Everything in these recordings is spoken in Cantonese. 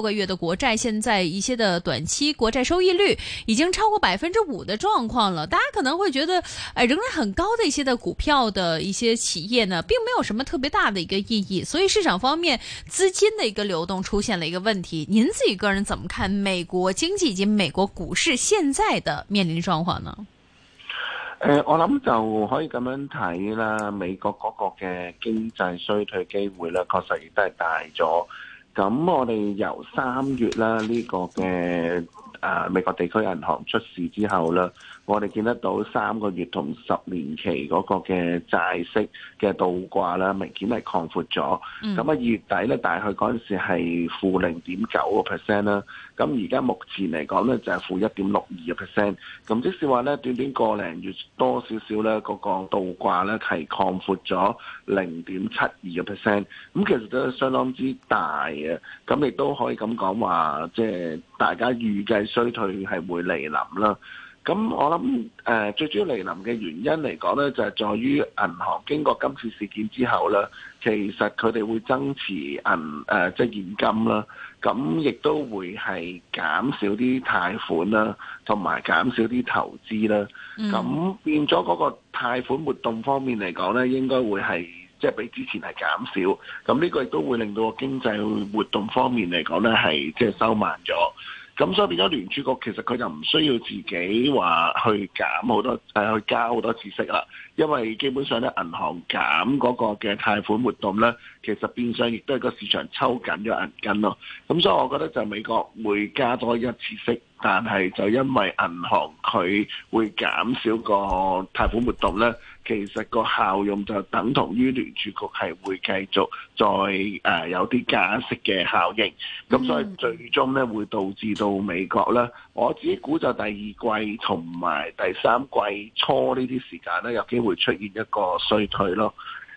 六個月的國債，現在一些的短期國債收益率已經超過百分之五的狀況了。大家可能會覺得，哎，仍然很高的一些的股票的一些企業呢，並沒有什麼特別大的一個意義。所以市場方面資金的一個流動出現了一個問題。您自己個人怎麼看美國經濟以及美國股市現在的面臨狀況呢？誒、呃，我諗就可以咁樣睇啦。美國嗰個嘅經濟衰退機會咧，確實亦都係大咗。咁我哋由三月啦，呢個嘅誒美國地區銀行出事之後咧。我哋見得到三個月同十年期嗰個嘅債息嘅倒掛啦，明顯係擴闊咗，嗯。咁啊，二月底咧，大概嗰陣時係負零點九個 percent 啦。咁而家目前嚟講咧就係負一點六二個 percent。咁即使話咧短短個零月多少少咧，嗰個倒掛咧係擴闊咗零點七二個 percent。咁其實都相當之大嘅。咁亦都可以咁講話，即係大家預計衰退係會嚟臨啦。咁我諗誒、呃、最主要嚟臨嘅原因嚟講咧，就係、是、在於銀行經過今次事件之後咧，其實佢哋會增持銀即係、呃就是、現金啦，咁亦都會係減少啲貸款啦，同埋減少啲投資啦。咁、嗯、變咗嗰個貸款活動方面嚟講咧，應該會係即係比之前係減少。咁呢個亦都會令到個經濟活動方面嚟講咧，係即係收慢咗。咁所以變咗聯儲局其實佢就唔需要自己話去減好多誒，去加好多次息啦，因為基本上咧銀行減嗰個嘅貸款活動咧，其實變相亦都係個市場抽緊咗銀根咯。咁所以我覺得就美國會加多一次息，但係就因為銀行佢會減少個貸款活動咧。其實個效用就等同於聯儲局係會繼續再誒、呃、有啲加息嘅效應，咁所以最終咧會導致到美國咧，我自己估就第二季同埋第三季初呢啲時間咧有機會出現一個衰退咯。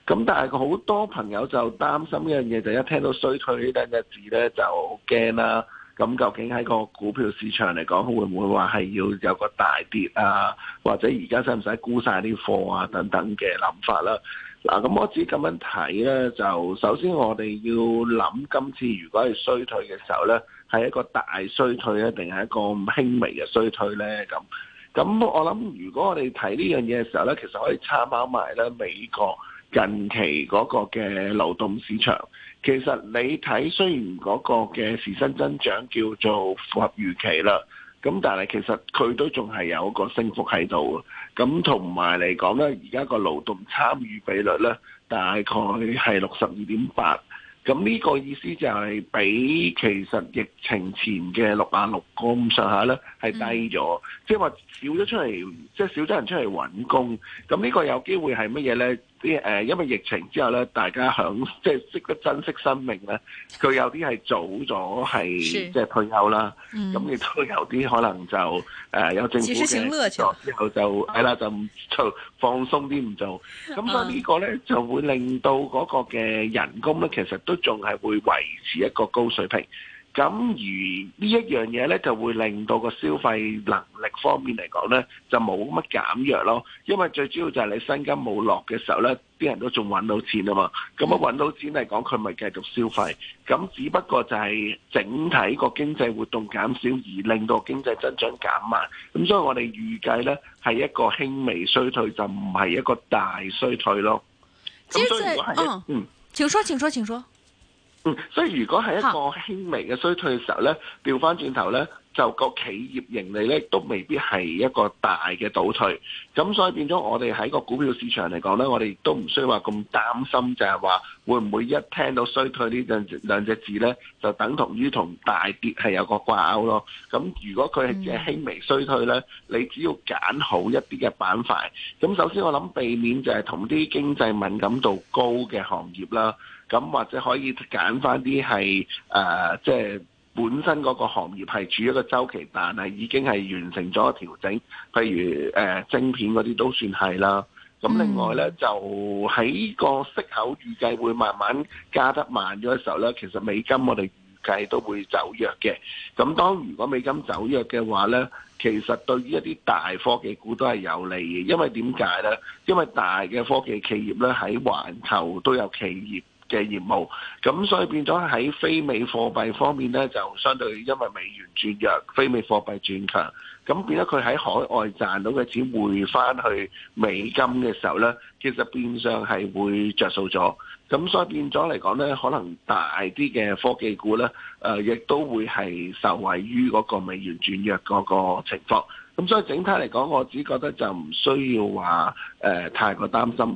咁但係好多朋友就擔心一樣嘢，就一聽到衰退一呢兩隻字咧就好驚啦。咁究竟喺個股票市場嚟講，會唔會話係要有個大跌啊？或者而家使唔使沽曬啲貨啊？等等嘅諗法啦。嗱，咁我只咁樣睇咧，就首先我哋要諗今次如果係衰退嘅時候咧，係一個大衰退啊，定係一個輕微嘅衰退咧？咁咁我諗，如果我哋睇呢樣嘢嘅時候咧，其實可以參考埋咧美國。近期嗰個嘅勞動市場，其實你睇雖然嗰個嘅時薪增長叫做符合預期啦，咁但係其實佢都仲係有個升幅喺度。咁同埋嚟講呢，而家個勞動參與比率呢，大概係六十二點八。咁呢個意思就係比其實疫情前嘅六啊六個咁上下咧係低咗，即係話少咗出嚟，即係少咗人出嚟揾工。咁呢個有機會係乜嘢咧？啲誒，因為疫情之後咧，大家想即係識得珍惜生命咧，佢有啲係早咗係即係退休啦。咁亦都有啲可能就誒有政府嘅作之後就係啦，就放鬆啲唔做。咁所以呢個咧就會令到嗰個嘅人工咧其實都～都仲係會維持一個高水平，咁而呢一樣嘢咧，就會令到個消費能力方面嚟講咧，就冇乜減弱咯。因為最主要就係你薪金冇落嘅時候咧，啲人都仲揾到錢啊嘛。咁啊揾到錢嚟講，佢咪繼續消費。咁只不過就係整體個經濟活動減少，而令到經濟增長減慢。咁所以我哋預計咧係一個輕微衰退，就唔係一個大衰退咯。咁所以，嗯，請說，請說，請說。嗯，所以如果係一個輕微嘅衰退嘅時候咧，調翻轉頭咧。就個企業盈利咧，都未必係一個大嘅倒退，咁所以變咗我哋喺個股票市場嚟講咧，我哋亦都唔需要話咁擔心，就係話會唔會一聽到衰退呢兩兩隻字咧，就等同於同大跌係有個掛鈎咯。咁如果佢係只輕微衰退咧，你只要揀好一啲嘅板塊，咁首先我諗避免就係同啲經濟敏感度高嘅行業啦，咁或者可以揀翻啲係誒即係。本身嗰個行業係處於一個周期，但係已經係完成咗調整。譬如誒、呃、晶片嗰啲都算係啦。咁另外咧，就喺個息口預計會慢慢加得慢咗嘅時候咧，其實美金我哋預計都會走弱嘅。咁當如果美金走弱嘅話咧，其實對於一啲大科技股都係有利嘅，因為點解咧？因為大嘅科技企業咧喺環球都有企業。嘅業務，咁所以變咗喺非美貨幣方面咧，就相對因為美元轉弱，非美貨幣轉強，咁變咗佢喺海外賺到嘅錢匯翻去美金嘅時候咧，其實變相係會著數咗，咁所以變咗嚟講咧，可能大啲嘅科技股咧，誒亦都會係受惠於嗰個美元轉弱嗰個情況，咁所以整體嚟講，我只覺得就唔需要話誒太過擔心。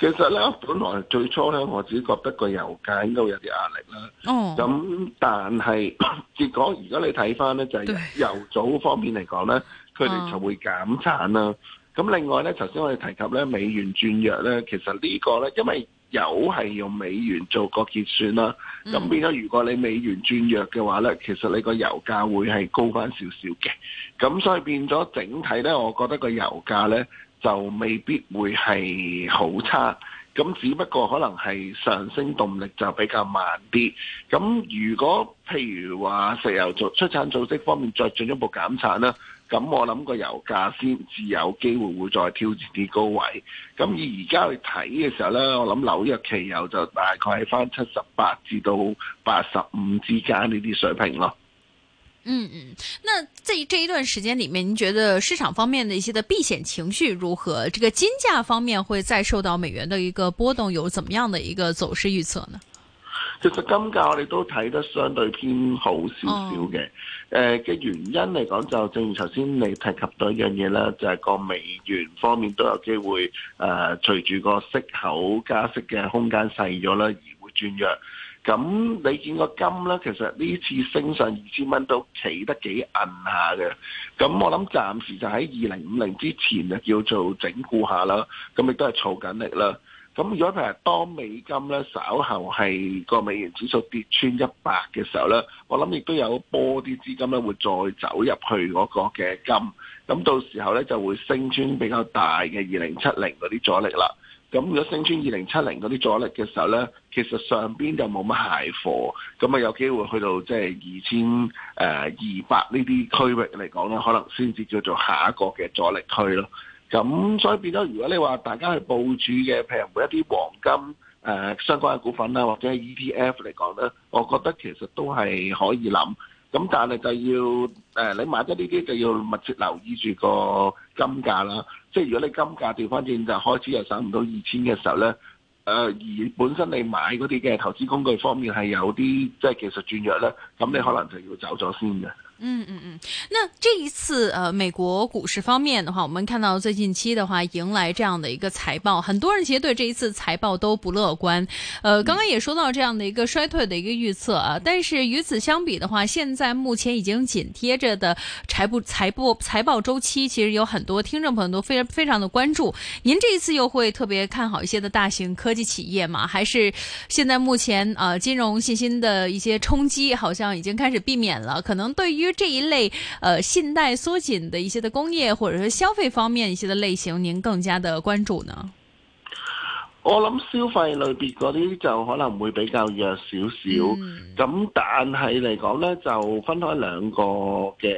其實咧，本來最初咧，我自己覺得個油價應該會有啲壓力啦。哦。咁但係結果，如果你睇翻咧，就係油組方面嚟講咧，佢哋就會減產啦。咁另外咧，頭先我哋提及咧，美元轉弱咧，其實呢個咧，因為油係用美元做個結算啦。嗯。咁變咗，如果你美元轉弱嘅話咧，其實你個油價會係高翻少少嘅。咁所以變咗整體咧，我覺得個油價咧，就未必會係好差，咁只不過可能係上升動力就比較慢啲。咁如果譬如話石油做出產組織方面再進一步減產啦，咁我諗個油價先至有機會會再挑戰啲高位。咁而而家去睇嘅時候呢，我諗紐約期油就大概係返七十八至到八十五之間呢啲水平咯。嗯嗯，那在這一段時間裏面，您覺得市場方面的一些的避險情緒如何？這個金價方面會再受到美元的一個波動，有怎麼樣的一個走勢預測呢？其實金價我哋都睇得相對偏好少少嘅，誒、嗯、嘅、呃、原因嚟講，就正如頭先你提及到一樣嘢啦，就係、是、個美元方面都有機會誒，隨住個息口加息嘅空間細咗啦，而會轉弱。咁你見個金咧，其實呢次升上二千蚊都企得幾硬下嘅。咁我諗暫時就喺二零五零之前就叫做整固下啦。咁亦都係儲緊力啦。咁如果其實當美金咧稍後係個美元指數跌穿一百嘅時候咧，我諗亦都有波啲資金咧會再走入去嗰個嘅金。咁到時候咧就會升穿比較大嘅二零七零嗰啲阻力啦。咁如果升穿二零七零嗰啲阻力嘅時候咧，其實上邊就冇乜鞋貨，咁啊有機會去到即係二千誒二百呢啲區域嚟講咧，可能先至叫做下一個嘅阻力區咯。咁所以變咗，如果你話大家去部署嘅譬如每一啲黃金誒、呃、相關嘅股份啦，或者係 ETF 嚟講咧，我覺得其實都係可以諗。咁、嗯、但係就要，誒你買咗呢啲就要密切留意住個金價啦。即係如果你金價調翻轉，就開始又省唔到二千嘅時候咧，誒、呃、而本身你買嗰啲嘅投資工具方面係有啲即係技術轉弱咧。咁你可能就要走咗先嘅。嗯嗯嗯，那這一次，呃，美國股市方面的話，我們看到最近期的話，迎來這樣的一個財報，很多人其實對這一次財報都不樂觀。呃，剛剛也說到這樣的一個衰退的一個預測啊，但是與此相比的話，現在目前已經緊貼着的財報財報財報周期，其實有很多聽眾朋友都非常非常的關注。您這一次又會特別看好一些的大型科技企業嗎？還是現在目前，呃，金融信心的一些衝擊，好像？已經開始避免了，可能對於這一類，呃，信貸縮緊的一些的工業，或者說消費方面一些的類型，您更加的關注呢？我諗消費類別嗰啲就可能會比較弱少少，咁、嗯、但係嚟講咧，就分開兩個嘅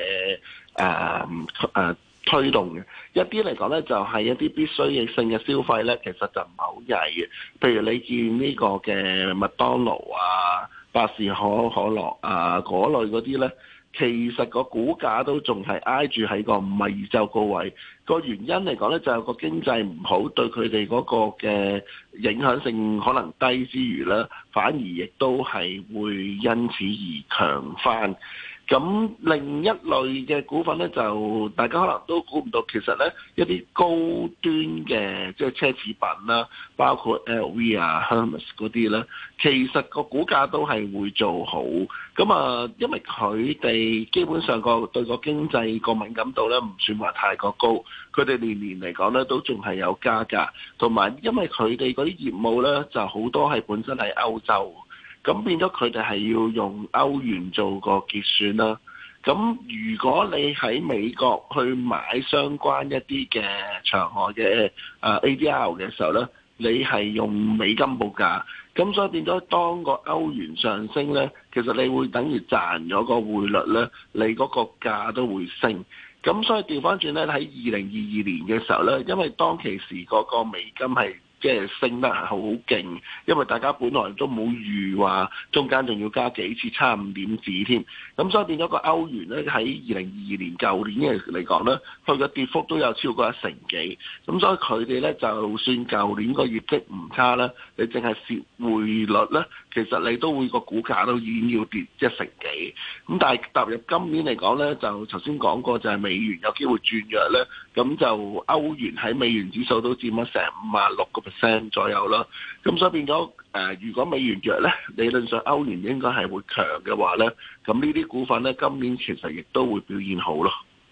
誒誒推動嘅，一啲嚟講咧就係、是、一啲必需性嘅消費咧，其實就唔係好曳嘅，譬如你見呢個嘅麥當勞啊。百事可可樂啊，嗰類嗰啲呢，其實個股價都仲係挨住喺個唔係二週高位。個原因嚟講呢，就係個經濟唔好，對佢哋嗰個嘅影響性可能低之餘呢，反而亦都係會因此而強返。咁另一類嘅股份咧，就大家可能都估唔到，其實咧一啲高端嘅即係奢侈品啦，包括 LV 啊、Hermes 嗰啲咧，其實個股價都係會做好。咁啊，因為佢哋基本上個對個經濟個敏感度咧，唔算話太過高。佢哋年年嚟講咧，都仲係有加價。同埋因為佢哋嗰啲業務咧，就好多係本身係歐洲。咁變咗佢哋係要用歐元做個結算啦。咁如果你喺美國去買相關一啲嘅場外嘅啊 ADR 嘅時候咧，你係用美金報價。咁所以變咗當個歐元上升咧，其實你會等於賺咗個匯率咧，你嗰個價都會升。咁所以調翻轉咧，喺二零二二年嘅時候咧，因為當其時嗰個美金係，即係升得係好勁，因為大家本來都冇預話，中間仲要加幾次差五點子添。咁所以變咗個歐元咧，喺二零二二年舊年嘅嚟講咧，佢嘅跌幅都有超過一成幾。咁所以佢哋咧，就算舊年個業績唔差啦，你淨係蝕匯率咧，其實你都會個股價都已經要跌、即係、一成幾。咁但係踏入今年嚟講咧，就頭先講過就係美元有機會轉弱咧，咁就歐元喺美元指數都佔咗成五啊六個 percent 左右啦，咁所以變咗誒。如果美元弱咧，理論上歐元應該係會強嘅話咧，咁呢啲股份咧今年，其實亦都會表現好咯。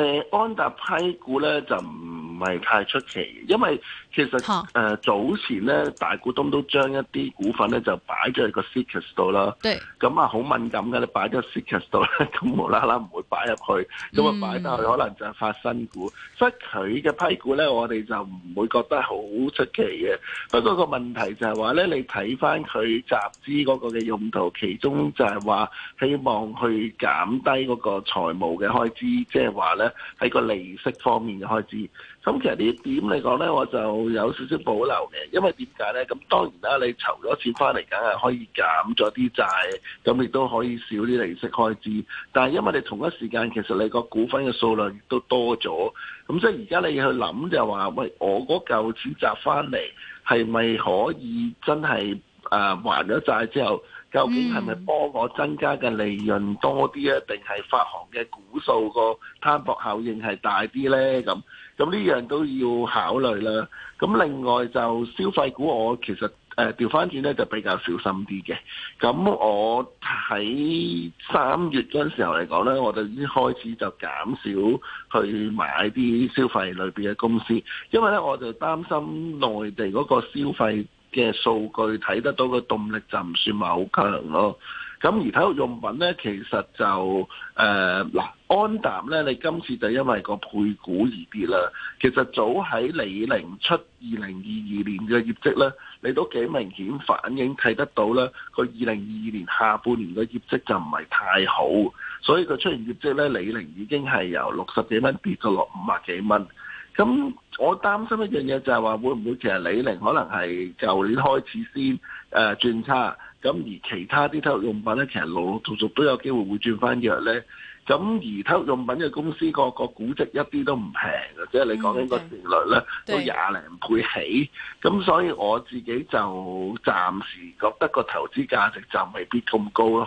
誒安達批股咧就唔，嗯唔係太出奇，因為其實誒、呃、早前咧，大股東都將一啲股份咧就擺咗喺個 CCASS 度啦。咁啊，好敏感嘅，你擺咗 CCASS 度咧，咁 無啦啦唔會擺入去，咁啊擺返去可能就係發新股。嗯、所以佢嘅批股咧，我哋就唔會覺得好出奇嘅。不過個問題就係話咧，你睇翻佢集資嗰個嘅用途，其中就係話希望去減低嗰個財務嘅開支，即係話咧喺個利息方面嘅開支。咁其實點呢點嚟講咧，我就有少少保留嘅，因為點解咧？咁當然啦，你籌咗錢翻嚟，梗係可以減咗啲債，咁亦都可以少啲利息開支。但係因為你同一時間，其實你個股份嘅數量亦都多咗，咁即係而家你要去諗就係話：喂，我嗰嚿錢集翻嚟，係咪可以真係誒、呃、還咗債之後，究竟係咪幫我增加嘅利潤多啲啊？定、嗯、係發行嘅股數個攤薄效應係大啲咧？咁？咁呢樣都要考慮啦。咁另外就消費股，我其實誒調翻轉咧就比較小心啲嘅。咁我喺三月嗰陣時候嚟講咧，我就已經開始就減少去買啲消費類別嘅公司，因為咧我就擔心內地嗰個消費嘅數據睇得到個動力就唔算話好強咯。咁而體育用品咧，其實就誒嗱、呃，安踏咧，你今次就因為個配股而跌啦。其實早喺李寧出二零二二年嘅業績咧，你都幾明顯反映睇得到咧，佢二零二二年下半年嘅業績就唔係太好，所以佢出現業績咧，李寧已經係由六十幾蚊跌咗落五十幾蚊。咁我擔心一樣嘢就係話，會唔會其實李寧可能係舊年開始先誒轉、呃、差？咁而其他啲體育用品咧，其實陸陸續續都有機會會轉翻弱咧。咁而體育用品嘅公司個個估值一啲都唔平嘅，即係你講緊個市率咧都廿零倍起。咁所以我自己就暫時覺得個投資價值就未必咁高咯。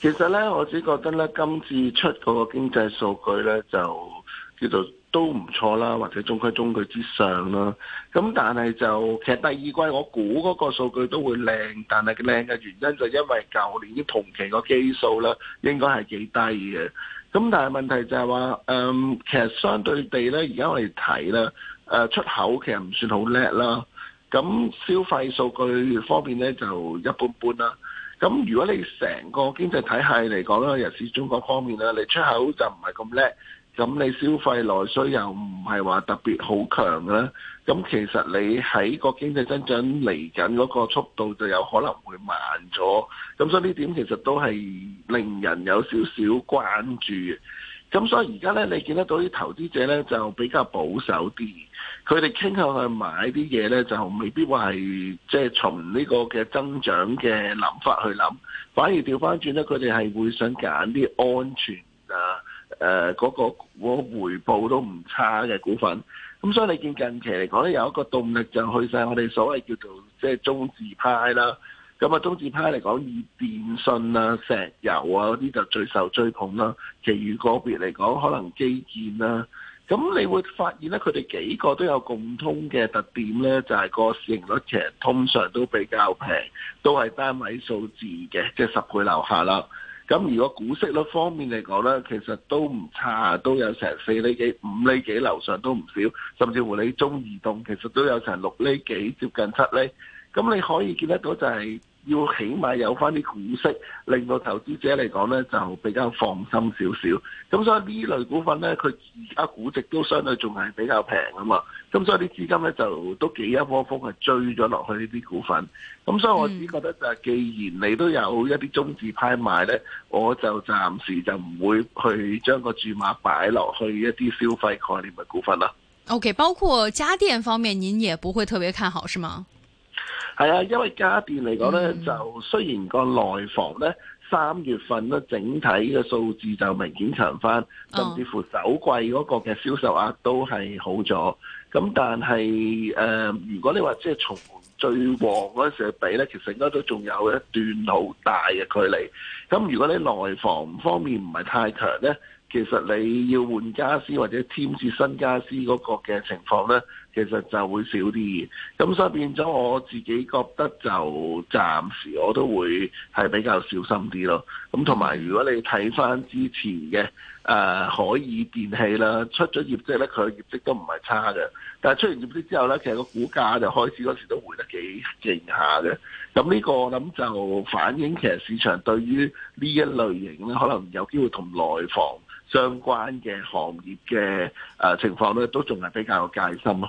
其實咧，我只覺得咧今次出嗰個經濟數據咧，就叫做都唔錯啦，或者中規中矩之上啦。咁但係就其實第二季我估嗰個數據都會靚，但係靚嘅原因就因為舊年啲同期個基數咧，應該係幾低嘅。咁但係問題就係話，嗯，其實相對地咧，而家我哋睇啦，誒，出口其實唔算好叻啦。咁消費數據方面咧就一般般啦。咁如果你成個經濟體系嚟講啦，尤其是中國方面啦，你出口就唔係咁叻，咁你消費內需又唔係話特別好強啦，咁其實你喺個經濟增長嚟緊嗰個速度就有可能會慢咗，咁所以呢點其實都係令人有少少關注嘅。咁所以而家咧，你見得到啲投資者咧就比較保守啲，佢哋傾向去買啲嘢咧就未必話係即係從呢個嘅增長嘅諗法去諗，反而調翻轉咧，佢哋係會想揀啲安全啊誒嗰、呃嗰個嗰個回報都唔差嘅股份。咁所以你見近期嚟講咧有一個動力就去晒我哋所謂叫做即係中字派啦。咁啊，中字派嚟講，以電信啊、石油啊嗰啲就最受追捧啦。其餘個別嚟講，可能基建啦、啊。咁你會發現咧，佢哋幾個都有共通嘅特點咧，就係、是、個市盈率其實通常都比較平，都係單位數字嘅，即係十倍樓下啦。咁如果股息率方面嚟講咧，其實都唔差，都有成四厘幾、五厘幾樓上都唔少，甚至乎你中移動其實都有成六厘幾，接近七厘。咁你可以見得到就係要起碼有翻啲股息，令到投資者嚟講咧就比較放心少少。咁所以呢類股份咧，佢而家估值都相對仲係比較平啊嘛。咁所以啲資金咧就都幾一窩蜂係追咗落去呢啲股份。咁所以我只覺得就係既然你都有一啲中字派賣咧，我就暫時就唔會去將個注碼擺落去一啲消費概念嘅股份啦。OK，包括家電方面，您也不會特別看好，是嗎？係啊，因為家電嚟講咧，嗯，就雖然個內房咧三月份咧整體嘅數字就明顯長翻，哦，甚至乎首季嗰個嘅銷售額都係好咗。咁但係誒，呃，如果你話即係從最旺嗰陣時比咧，其實應該都仲有一段好大嘅距離。咁如果你內房方面唔係太強咧，其實你要換家私或者添置新家私嗰個嘅情況咧，其實就會少啲，咁所以變咗我自己覺得就暫時我都會係比較小心啲咯。咁同埋如果你睇翻之前嘅誒海爾電器啦，出咗業績咧，佢嘅業績都唔係差嘅。但係出完業績之後咧，其實個股價就開始嗰時都回得幾勁下嘅。咁呢個我諗就反映其實市場對於呢一類型咧，可能有機會同內房相關嘅行業嘅、呃、情況咧，都仲係比較有戒心咯。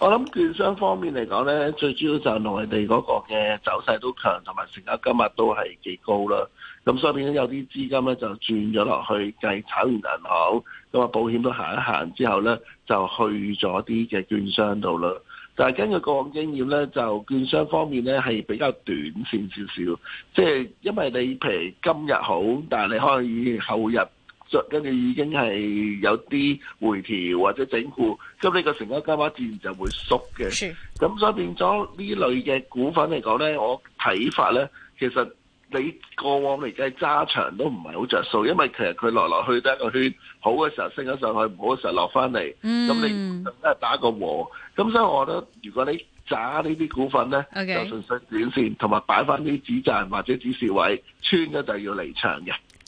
我諗券商方面嚟講咧，最主要就內地嗰個嘅走勢都強，同埋成交金額都係幾高啦。咁所以變咗有啲資金咧就轉咗落去繼炒完銀行，咁啊保險都行一行之後咧，就去咗啲嘅券商度啦。但係根據個案經驗咧，就券商方面咧係比較短線少少，即係因為你譬如今日好，但你可以後日。跟住已經係有啲回調或者整固，咁呢個成交金額自然就會縮嘅。咁、sure. 所以變咗呢類嘅股份嚟講咧，我睇法咧，其實你過往嚟計揸長都唔係好着數，因為其實佢來來去都一個圈，好嘅時候升咗上去，唔好嘅時候落翻嚟，咁、mm. 你都係打個和。咁所以我覺得如果你揸呢啲股份咧，okay. 就順勢短線，同埋擺翻啲止賺或者止蝕位，穿咗就要離場嘅。